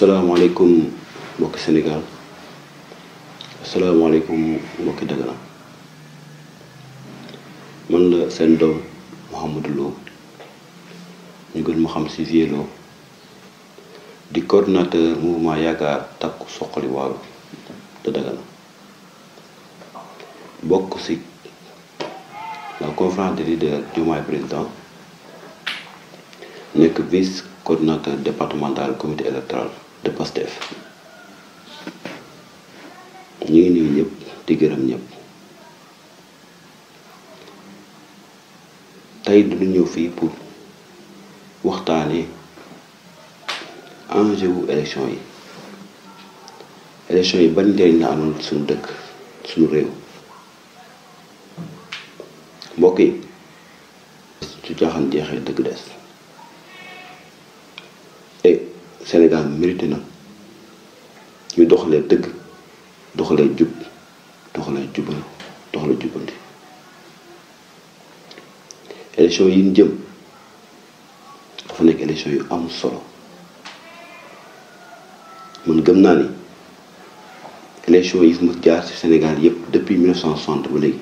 asalaamaaleykum mbokki Sénégal asalaamaaleykum mbokki Dagana man la seen doom Mouhamadou Lo ñu gën ma xam si Vieux di coordinateur mouvement yaakaar takku soqali waalo te Dagana bokk si la conférence des leaders Diomaye président nekk vice coordinateur départemental comité électoral de Pastef ñu ngi nuyu ñëpp di gërëm ñëpp tey du ñu ñëw fii pour waxtaanee enjeu wu élection yi élection yi ban njëriñ la amoon suñu dëkk suñu réew mbokk yi su caaxaan jeexee dëgg des Sénégal mérité na ñu doxalee dëgg doxalee jub doxalee jubal doxalee yi ñu jëm dafa nekk élection yu am solo man gëm naa ni élection yi mu jaar ci Sénégal yépp depuis 1960 ba léegi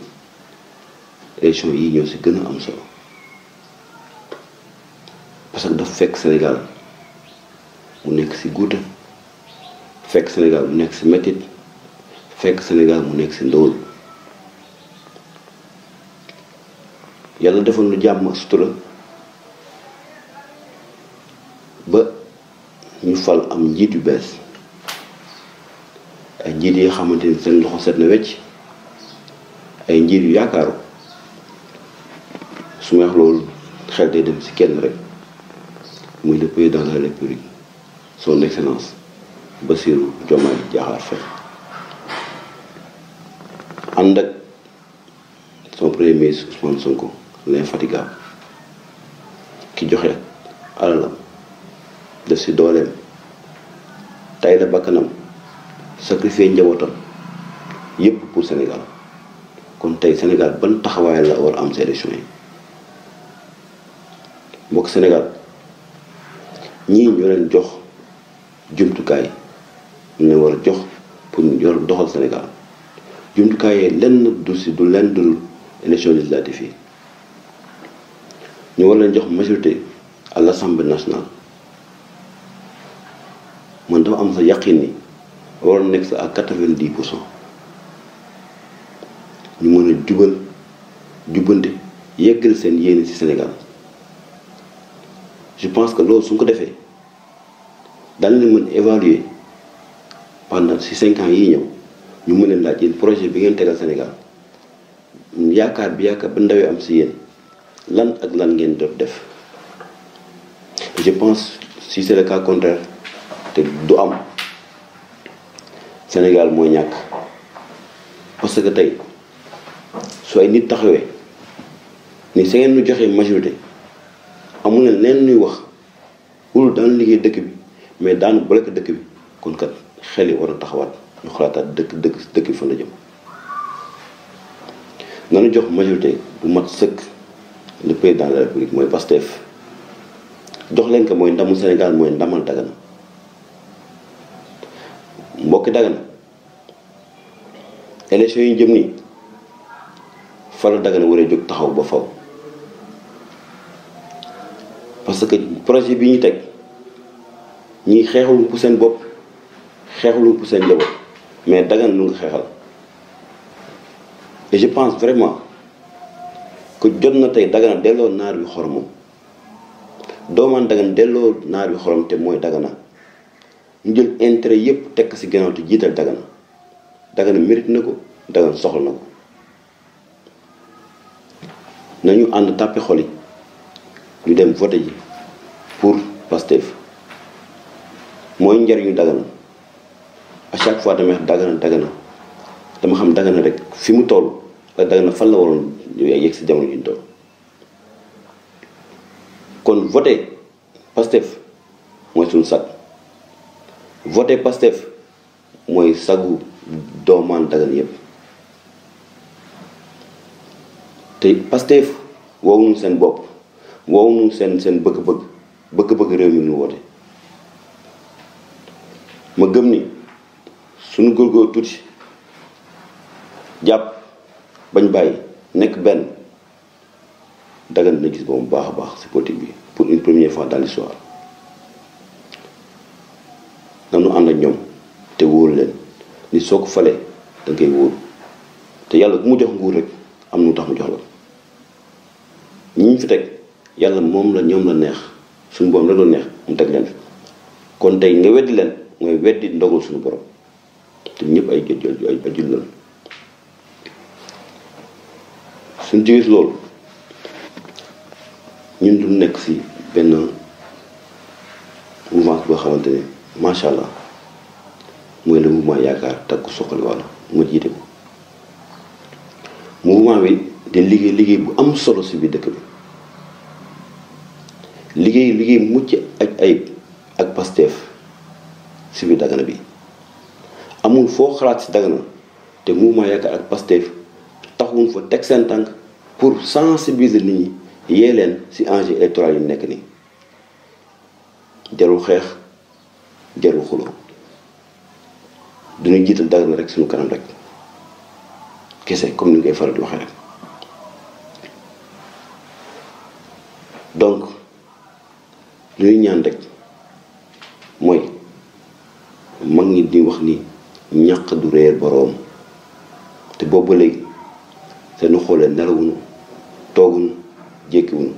élection yi ñoo si gën a am solo parce que dafa fekk Sénégal mu nekk ci guuta fekk Sénégal mu nekk si métit fekk Sénégal mu nekk ci ndóol yàlla defal nu jàmm sutura ba ñu fal am njiit yu bees ay njiit yi xamante ni seen loxo set na wecc ay njiit yu yaakaaru su ma wax loolu xel day dem ci kenn rek muy le président de république son excellence Bassirou Diomaye Diakhar Faye ànd ak son premier ministre Ousmane Sonko l'infatigable ki joxe alalam def si dooleem tay la bakkanam sacrifier njabootam yépp pour Sénégal kon tey Sénégal ban taxawaay la war am si élection yi mbokk Sénégal ñii ñu leen jox jumtukaay ñu war a jox pour ñu yor doxal Sénégal jumtukaay yee lenn du si du lenn dul élection législative yi ñu war leen jox majorité à l'Assemblée nationale man dafa am sa yaqin ni waroon nekk sa à quatre-vingt-dix pour cent ñu mën a jubal jubbante yeggal seen yéene ci Sénégal je pense que loolu su ñu ko defee. dal leen mën évaluer pendant si cinq ans yii ñëw ñu mën leen laaj yéen projet bi ngeen tegal Sénégal yaakaar bi yaakaar ba ndawee am si yéen lan ak lan ngeen doon def je pense si c'est le contraire te du am Sénégal mooy ñàkk parce que tey su ay nit taxawee ni sa ngeen nu joxee majorité amu na leen nuy wax wul daan liggéey dëkk bi mais daanu bloqué dëkk bi kon kat xel yi war a taxawaat ñu xalaataat dëkk dëkk dëkk bi fan la jëm. nanu jox majorité bu mat sëkk le président de la république mooy Pastef jox leen ko mooy ndamu Sénégal mooy ndamal Dagana mbokki Dagana élection yi jëm nii fa la Dagana war jóg taxaw ba faw parce que projet bi ñu teg. ñii xeexaluñ pour seen bopp xeexaluñ pour seen njaboot mais Dagana lu nga xeexal et je pense vraiment que jot na tey Dagana delloo naar wi xoromam doomaan Dagana delloo naar wi xorom te mooy Dagana njël jël intérêt yépp tekk ci gannaaw te jiital Dagana Dagana mérite na ko Dagana soxla na ko nañu ànd tàppi xol ñu dem voté ji pour Pastef mooy njariñu Dagana à chaque fois damay wax Dagana Dagana dama xam Dagana rek fi mu toll ak Dagana fan la waroon yegg si jamono ji ñu toll kon voté Pastef mooy suñu sag voté Pastef mooy sagu doomaan Dagana yépp te Pastef woowuñu seen bopp woowuñu seen seen bëgg-bëgg bëgg-bëgg réew mi ñu woote ma gëm ni suñu góorgóor tuuti jàpp bañ bàyyi nekk benn dagan dina gis boobu baax a baax si politique bi pour une première fois dans l'histoire nanu ànd ak ñoom te wóoru leen ni soo ko falee da ngay te yàlla bu mu jox nguur rek am nu tax mu jox la ñi ñu fi teg yàlla moom la ñoom la neex suñu boom la doon neex mu teg leen kon tey nga weddi leen mooy weddi ndogul suñu borom te ñëpp ay ay ay jullit ci loolu ñun du nekk si benn mouvement boo xamante ne macha allah mooy le mouvement yaakaar takku soxali wàlla mu jiite ko mouvement bi di liggéey liggéey bu am solo si biir dëkk bi liggéey liggéey mucc ak ayib ak Pastef si biir Dagana bi amul foo xalaat si Dagana te mouvement Yaakaar ak Pastef taxuñ fa teg seen tànk pour sensibiliser nit ñi yee leen si enjeu électoral yi nekk nii jarul xeex jarul xuloo duñu jiital Dagana rek suñu kanam rek kese comme ni ñu faral di waxee rek donc lu ñu ñaan rek mag ñi di wax ni ñàq du réer boroom te boobu léegi te nu xoolee nelawuñu tooguñu jékkiwuñu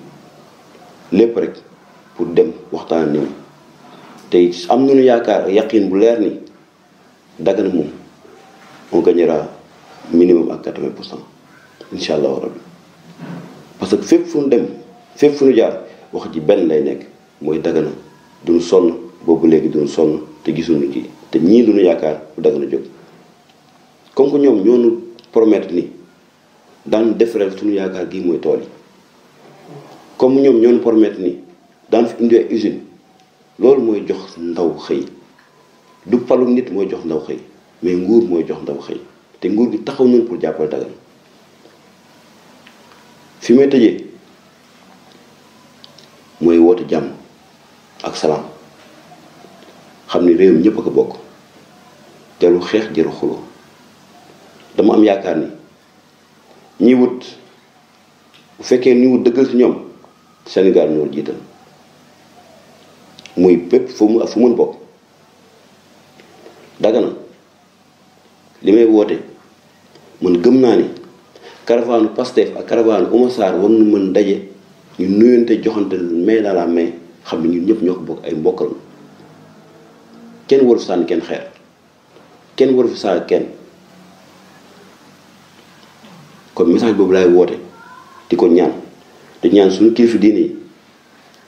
lépp rek pour dem waxtaan ñoom te am nañu yaakaar ak yaqin bu leer ni Dagana moom on gagnera minimum ak quatre-vingts pour cent incha allahu rabbi parce que fépp fu ñu dem fépp fu ñu jaar wax ji benn lay nekk mooy Dagana duñu sonn. boobu léegi doon sonn te gisuñu ci te ñii lu ñu yaakaar bu dagg na jóg comme que ñoom ñoo ñu promettre ni daan defareel suñu yaakaar gi mooy tool yi comme ñoom ñoo ñu promettre ni daan fi indi usine loolu mooy jox ndaw xëy du palu nit mooy jox ndaw xëy mais nguur mooy jox ndaw xëy te nguur gi taxaw nañ pour jàppale Dagana fi may tëjee mooy woote jàmm ak salaam. xam ni réew mi ñëpp a ko bokk jarul xeex jarul xuloo dama am yaakaar ni ñi wut bu fekkee ni wut dëggal si ñoom Sénégal ñoo jiital muy bépp fu mu mun bokk daga li may woote man gëm naa ni caravane Pastef ak caravane Oumar Sarr war nu mën ndaje ñu nuyante joxante main dans la main xam ne ñun ñëpp ñoo ko bokk ay mbokkal kenn waru fi sànni kenn xeer kenn waru fi sànni kenn kon message boobu laay woote di ko ñaan di ñaan suñu kilifa diine yi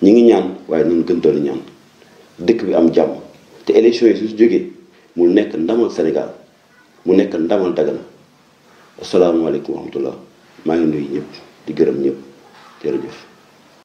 ñu ngi ñaan waaye noonu gën doon ñaan dëkk bi am jàmm te élection yi su si jógee mu nekk ndamal Sénégal mu nekk ndamal Dagana asalaamaaleykum wa rahmatullah maa ngi nuyu ñëpp di gërëm ñépp ñëpp jërëjëf.